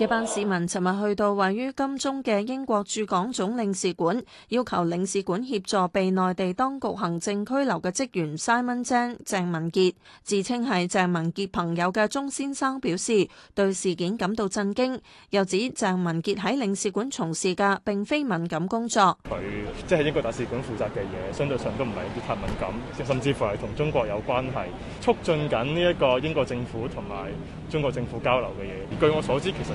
一班市民尋日去到位於金鐘嘅英國駐港總領事館，要求領事館協助被內地當局行政拘留嘅職員 Simon 鄭文傑，自稱係鄭文傑朋友嘅鍾先生表示，對事件感到震驚，又指鄭文傑喺領事館從事嘅並非敏感工作。佢即係英國大使館負責嘅嘢，相對上都唔係啲太敏感，甚至乎係同中國有關係，促進緊呢一個英國政府同埋中國政府交流嘅嘢。據我所知，其實。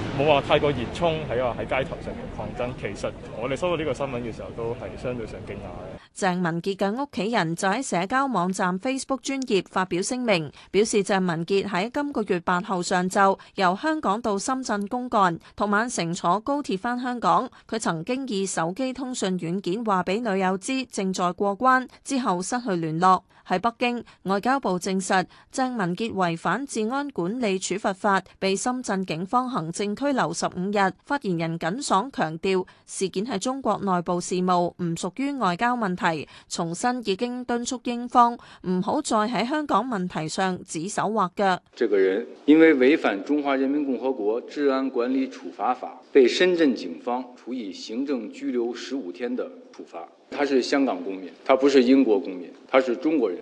我冇話太過熱衷喺喺街頭上嘅抗爭，其實我哋收到呢個新聞嘅時候都係相對上驚訝嘅。鄭文傑嘅屋企人就喺社交網站 Facebook 專頁發表聲明，表示鄭文傑喺今個月八號上晝由香港到深圳公幹，同晚乘坐高鐵返香港。佢曾經以手機通訊軟件話俾女友知正在過關，之後失去聯絡。喺北京，外交部證實，鄭文傑違反治安管理處罰法，被深圳警方行政拘留。拘留十五日，發言人耿爽強調事件係中國內部事務，唔屬於外交問題。重申已經敦促英方唔好再喺香港問題上指手畫腳。這個人因為違反《中華人民共和國治安管理處罰法》，被深圳警方處以行政拘留十五天的處罰。他是香港公民，他不是英國公民，他是中國人。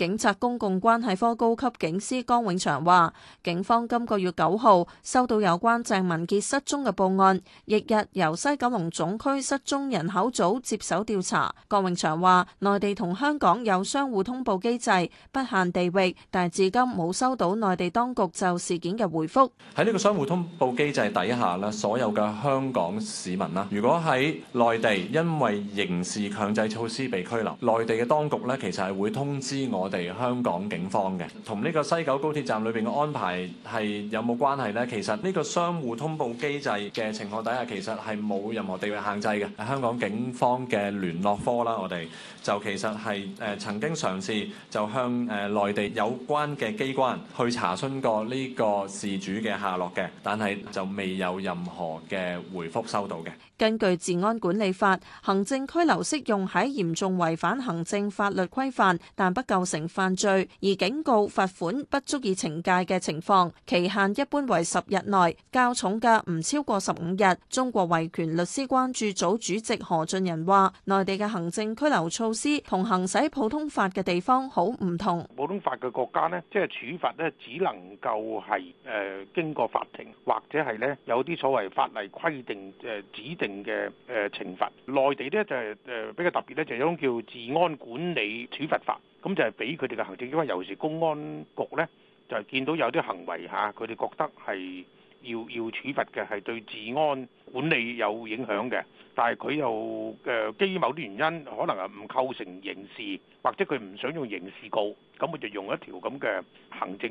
警察公共關係科高級警司江永祥話：警方今個月九號收到有關鄭文傑失蹤嘅報案，翌日由西九龍總區失蹤人口組接手調查。江永祥話：內地同香港有相互通報機制，不限地域，但係至今冇收到內地當局就事件嘅回覆。喺呢個相互通報機制底下咧，所有嘅香港市民啦，如果喺內地因為刑事強制措施被拘留，內地嘅當局咧，其實係會通知我。我哋香港警方嘅，同呢個西九高鐵站裏邊嘅安排係有冇關係咧？其實呢個相互通報機制嘅情況底下，其實係冇任何地域限制嘅。香港警方嘅聯絡科啦，我哋就其實係誒曾經嘗試就向誒內地有關嘅機關去查詢過呢個事主嘅下落嘅，但係就未有任何嘅回覆收到嘅。根據治安管理法，行政拘留適用喺嚴重違反行政法律規範，但不構成犯罪而警告罰款不足以懲戒嘅情況，期限一般為十日內，較重嘅唔超過十五日。中國維權律師關注組主席何俊仁話，內地嘅行政拘留措施同行使普通法嘅地方好唔同。普通法嘅國家呢，即係處罰呢，只能夠係誒經過法庭或者係呢有啲所謂法例規定誒指定嘅誒懲罰。內地呢就係誒比較特別呢，就係一種叫治安管理處罰法。咁就係俾佢哋嘅行政機關，因為尤其是公安局咧，就係見到有啲行為吓佢哋覺得係要要處罰嘅，係對治安管理有影響嘅，但係佢又誒，基於某啲原因，可能係唔構成刑事，或者佢唔想用刑事告，咁佢就用一條咁嘅行政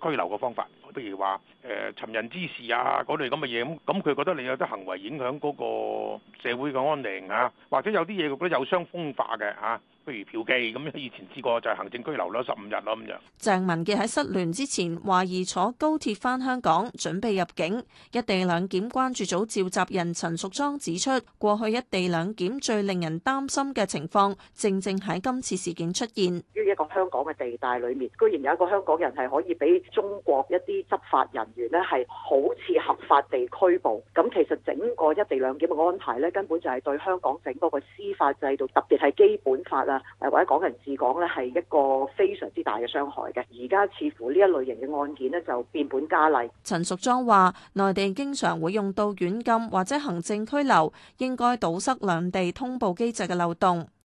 拘留嘅方法，譬如話誒、呃、尋釁滋事啊嗰類咁嘅嘢，咁佢覺得你有啲行為影響嗰個社會嘅安寧啊，或者有啲嘢佢覺得有傷風化嘅吓、啊、譬如嫖妓咁，以前試過就係行政拘留咗十五日咯咁樣。鄭文傑喺失聯之前懷疑坐高鐵翻香港，準備入境，一地兩檢關注組。召集人陳淑莊指出，過去一地兩檢最令人擔心嘅情況，正正喺今次事件出現。於一個香港嘅地帶裏面，居然有一個香港人係可以俾中國一啲執法人員咧，係好似合法地拘捕。咁其實整個一地兩檢嘅安排咧，根本就係對香港整個嘅司法制度，特別係基本法啊，或者港人治港咧，係一個非常之大嘅傷害嘅。而家似乎呢一類型嘅案件咧，就變本加厲。陳淑莊話：內地經常會用到遠。禁或者行政拘留，應該堵塞兩地通報機制嘅漏洞。